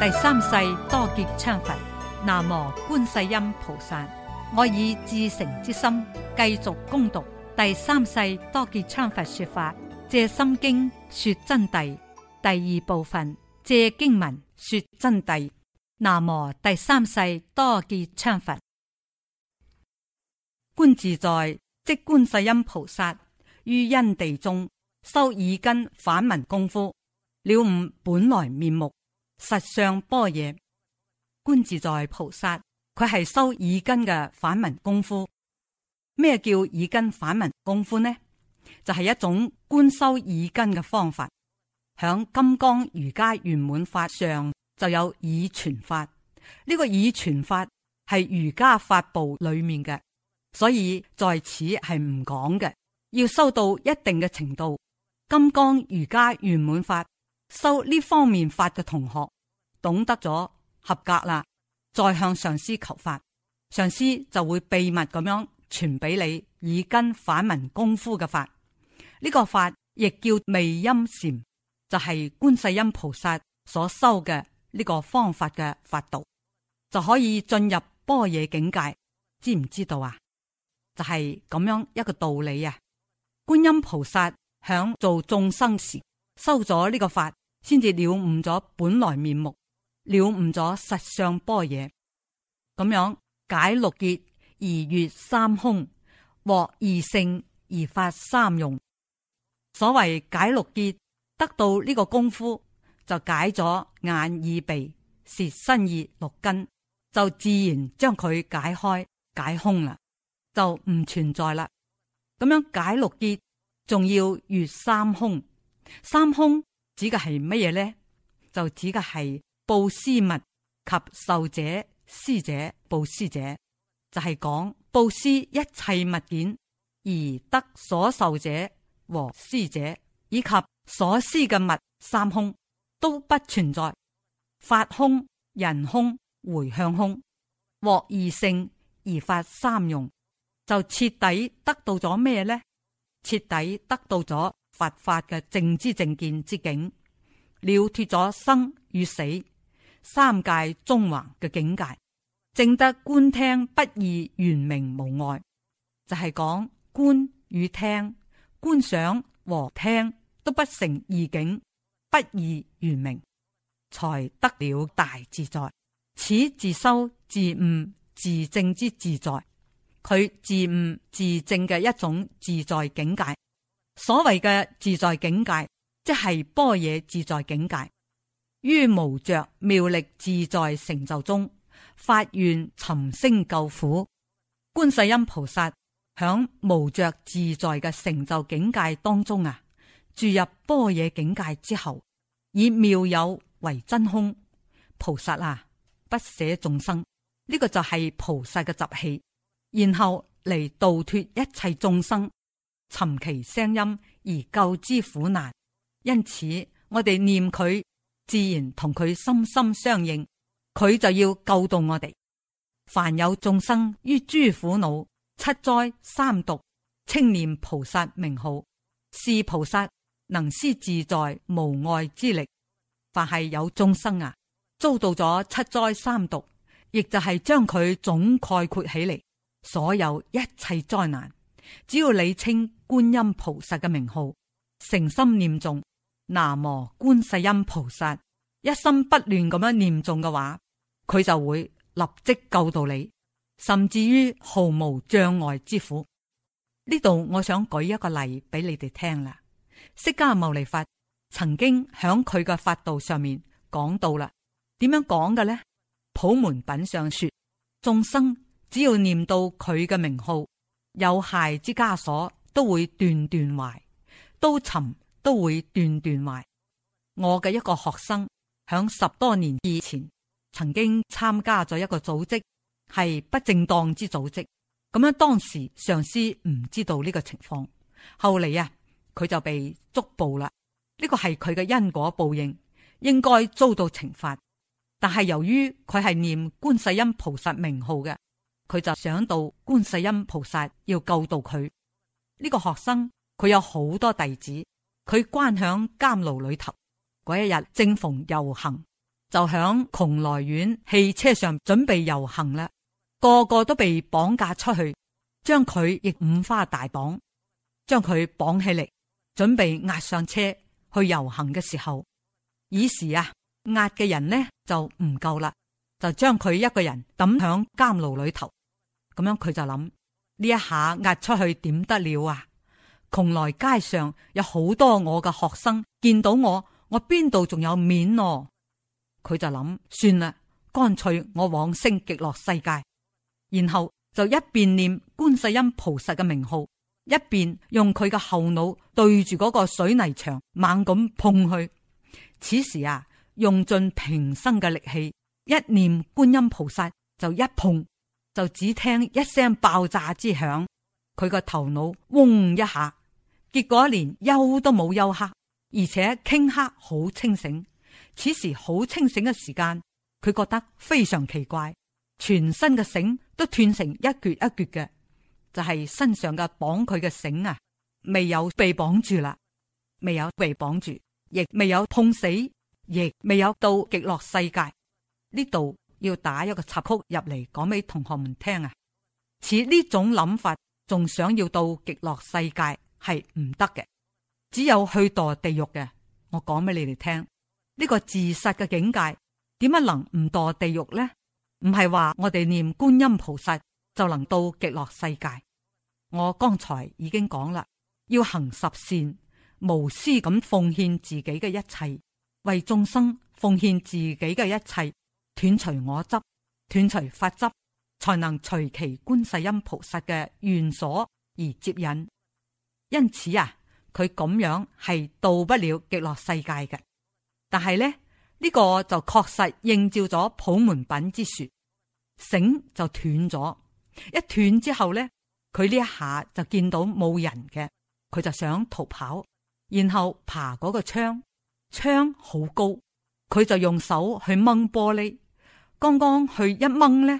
第三世多杰羌佛，南無觀世音菩薩。我以至誠之心繼續恭讀第三世多杰羌佛說法，借心經說真諦第二部分，借經文說真諦。南無第三世多杰羌佛，觀自在即觀世音菩薩於因地中修耳根反聞功夫，了悟本來面目。實相波嘢官自在菩薩，佢係修耳根嘅反聞功夫。咩叫耳根反文功夫呢？就係、是、一種官修耳根嘅方法。響金剛瑜伽圓滿法上就有耳傳法，呢、這個耳傳法係儒家法部裏面嘅，所以在此係唔講嘅。要修到一定嘅程度，金剛瑜伽圓滿法。修呢方面法嘅同學懂得咗合格啦，再向上師求法，上師就會秘密咁樣傳俾你耳根反聞功夫嘅法。呢、這個法亦叫微音禪，就係、是、觀世音菩薩所修嘅呢個方法嘅法度，就可以進入般若境界。知唔知道啊？就係、是、咁樣一個道理啊！觀音菩薩響做眾生時，修咗呢個法。先至了悟咗本來面目，了悟咗實相般若，咁樣解六結而越三空，獲二性而發三用。所謂解六結，得到呢個功夫，就解咗眼耳鼻舌身意六根，就自然將佢解開解空啦，就唔存在啦。咁樣解六結，仲要越三空，三空。指嘅係乜嘢咧？就指嘅係布施物及受者、施者、布施者，就係講布施一切物件而得所受者和施者以及所施嘅物三空都不存在，法空、人空、回向空，獲二性而發三用，就徹底得到咗咩咧？徹底得到咗。佛法嘅正知正見之境，了脫咗生與死三界中橫嘅境界，正得觀聽不二圓明無礙，就係、是、講觀與聽、觀想和聽都不成二境，不二圓明，才得了大自在。此自修自悟自正之自在，佢自悟自正嘅一種自在境界。所謂嘅自在境界，即係般若自在境界，於無着妙力自在成就中，發願尋聲救苦。觀世音菩薩響無着自在嘅成就境界當中啊，住入般若境界之後，以妙有為真空，菩薩啊，不捨眾生，呢、這個就係菩薩嘅習氣，然後嚟度脱一切眾生。尋其聲音而救之苦難，因此我哋念佢，自然同佢心心相應，佢就要救到我哋。凡有眾生於諸苦惱、七災三毒，稱念菩薩名號，是菩薩能施自在無礙之力。凡係有眾生啊，遭到咗七災三毒，亦就係將佢總概括起嚟，所有一切災難。只要你稱觀音菩薩嘅名號，誠心念誦，南無觀世音菩薩，一心不亂咁樣念誦嘅話，佢就會立即救到你，甚至於毫無障礙之苦。呢度我想舉一個例俾你哋聽啦。釋迦牟尼佛曾經響佢嘅法道上面講到啦，點樣講嘅咧？普門品上說，眾生只要念到佢嘅名號。有鞋之枷鎖都會斷斷壞，刀尋都會斷斷壞。我嘅一個學生響十多年以前，曾經參加咗一個組織，係不正當之組織。咁樣當時上司唔知道呢個情況，後嚟啊佢就被捉捕啦。呢、這個係佢嘅因果報應，應該遭到懲罰。但係由於佢係念觀世音菩薩名號嘅。佢就想到觀世音菩薩要救度佢呢個學生。佢有好多弟子，佢關響監牢裏頭。嗰一日正逢遊行，就響邛崍縣汽車上準備遊行啦。個個都被綁架出去，將佢亦五花大綁，將佢綁起嚟，準備押上車去遊行嘅時候，以時啊押嘅人呢就唔夠啦，就將佢一個人抌響監牢裏頭。咁樣佢就諗，呢一下壓出去點得了啊？窮來街上有好多我嘅學生見到我，我邊度仲有面咯、啊？佢就諗，算啦，乾脆我往生極樂世界，然後就一邊念觀世音菩薩嘅名號，一邊用佢嘅後腦對住嗰個水泥牆猛咁碰去。此時啊，用盡平生嘅力氣，一念觀音菩薩，就一碰。就只聽一聲爆炸之響，佢個頭腦嗡一下，結果連休都冇休克，而且頃刻好清醒。此時好清醒嘅時間，佢覺得非常奇怪，全身嘅繩都斷成一撅一撅嘅，就係、是、身上嘅綁佢嘅繩啊，未有被綁住啦，未有被綁住，亦未有痛死，亦未有到極樂世界呢度。要打一個插曲入嚟，講俾同學們聽啊！似呢種諗法，仲想要到極樂世界係唔得嘅，只有去墮地獄嘅。我講俾你哋聽，呢個自殺嘅境界，點解能唔墮地獄呢？唔係話我哋念觀音菩薩就能到極樂世界。我剛才已經講啦，要行十善，無私咁奉獻自己嘅一切，為眾生奉獻自己嘅一切。斷除我執，斷除法執，才能隨其觀世音菩薩嘅願所而接引。因此啊，佢咁樣係到不了極樂世界嘅。但係咧，呢、這個就確實應照咗普門品之說，繩就斷咗，一斷之後咧，佢呢一下就見到冇人嘅，佢就想逃跑，然後爬嗰個窗，窗好高，佢就用手去掹玻璃。剛剛佢一掹咧，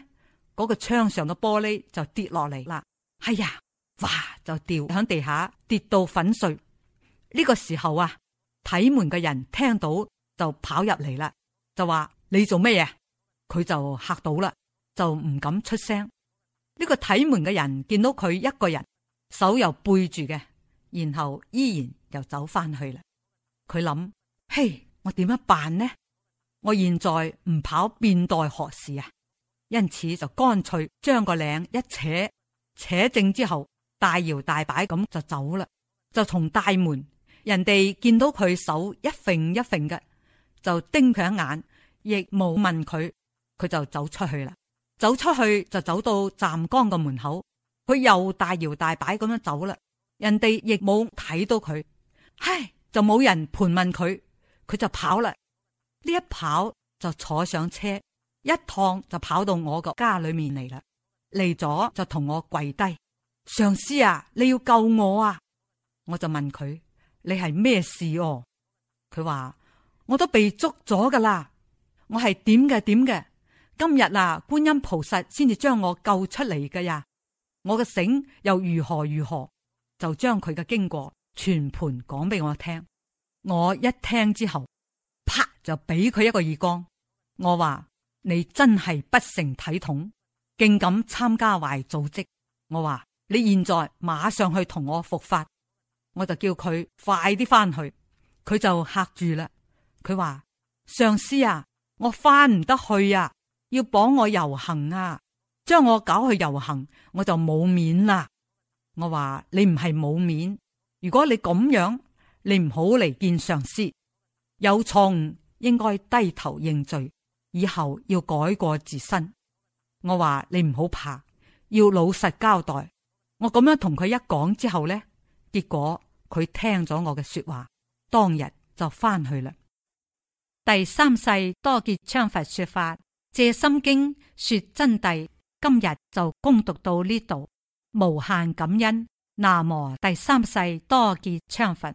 嗰個窗上嘅玻璃就跌落嚟啦。哎呀，嘩就掉響地下，跌到粉碎。呢個時候啊，睇門嘅人聽到就跑入嚟啦，就話你做咩嘢？佢就嚇到啦，就唔敢出聲。呢個睇門嘅人見到佢一個人，手又背住嘅，然後依然又走翻去啦。佢諗：嘿，我點樣辦呢？我現在唔跑更待何時啊，因此就乾脆將個領一扯扯正之後，大搖大擺咁就走啦。就從大門，人哋見到佢手一揈一揈嘅，就盯佢一眼，亦冇問佢，佢就走出去啦。走出去就走到湛江個門口，佢又大搖大擺咁樣走啦，人哋亦冇睇到佢，唉，就冇人盤問佢，佢就跑啦。呢一跑就坐上車，一趟就跑到我個家裏面嚟啦。嚟咗就同我跪低，上司啊，你要救我啊！我就問佢，你係咩事啊？哦，佢話我都被捉咗噶啦，我係點嘅點嘅。今日啊，觀音菩薩先至將我救出嚟噶呀。我嘅醒又如何如何，就將佢嘅經過全盤講俾我聽。我一聽之後，啪，就俾佢一個耳光，我話你真係不成體統，竟敢參加壞組織。我話你現在馬上去同我復發，我就叫佢快啲翻去。佢就吓住啦，佢話上司啊，我翻唔得去啊，要綁我遊行啊，將我搞去遊行，我就冇面啦。我話你唔係冇面，如果你咁樣，你唔好嚟見上司。有錯誤應該低頭認罪，以後要改過自身。我話你唔好怕，要老實交代。我咁樣同佢一講之後呢，結果佢聽咗我嘅說話，當日就返去啦。第三世多杰羌佛說法，藉心經說真諦。今日就恭讀到呢度，無限感恩。那麼第三世多杰羌佛。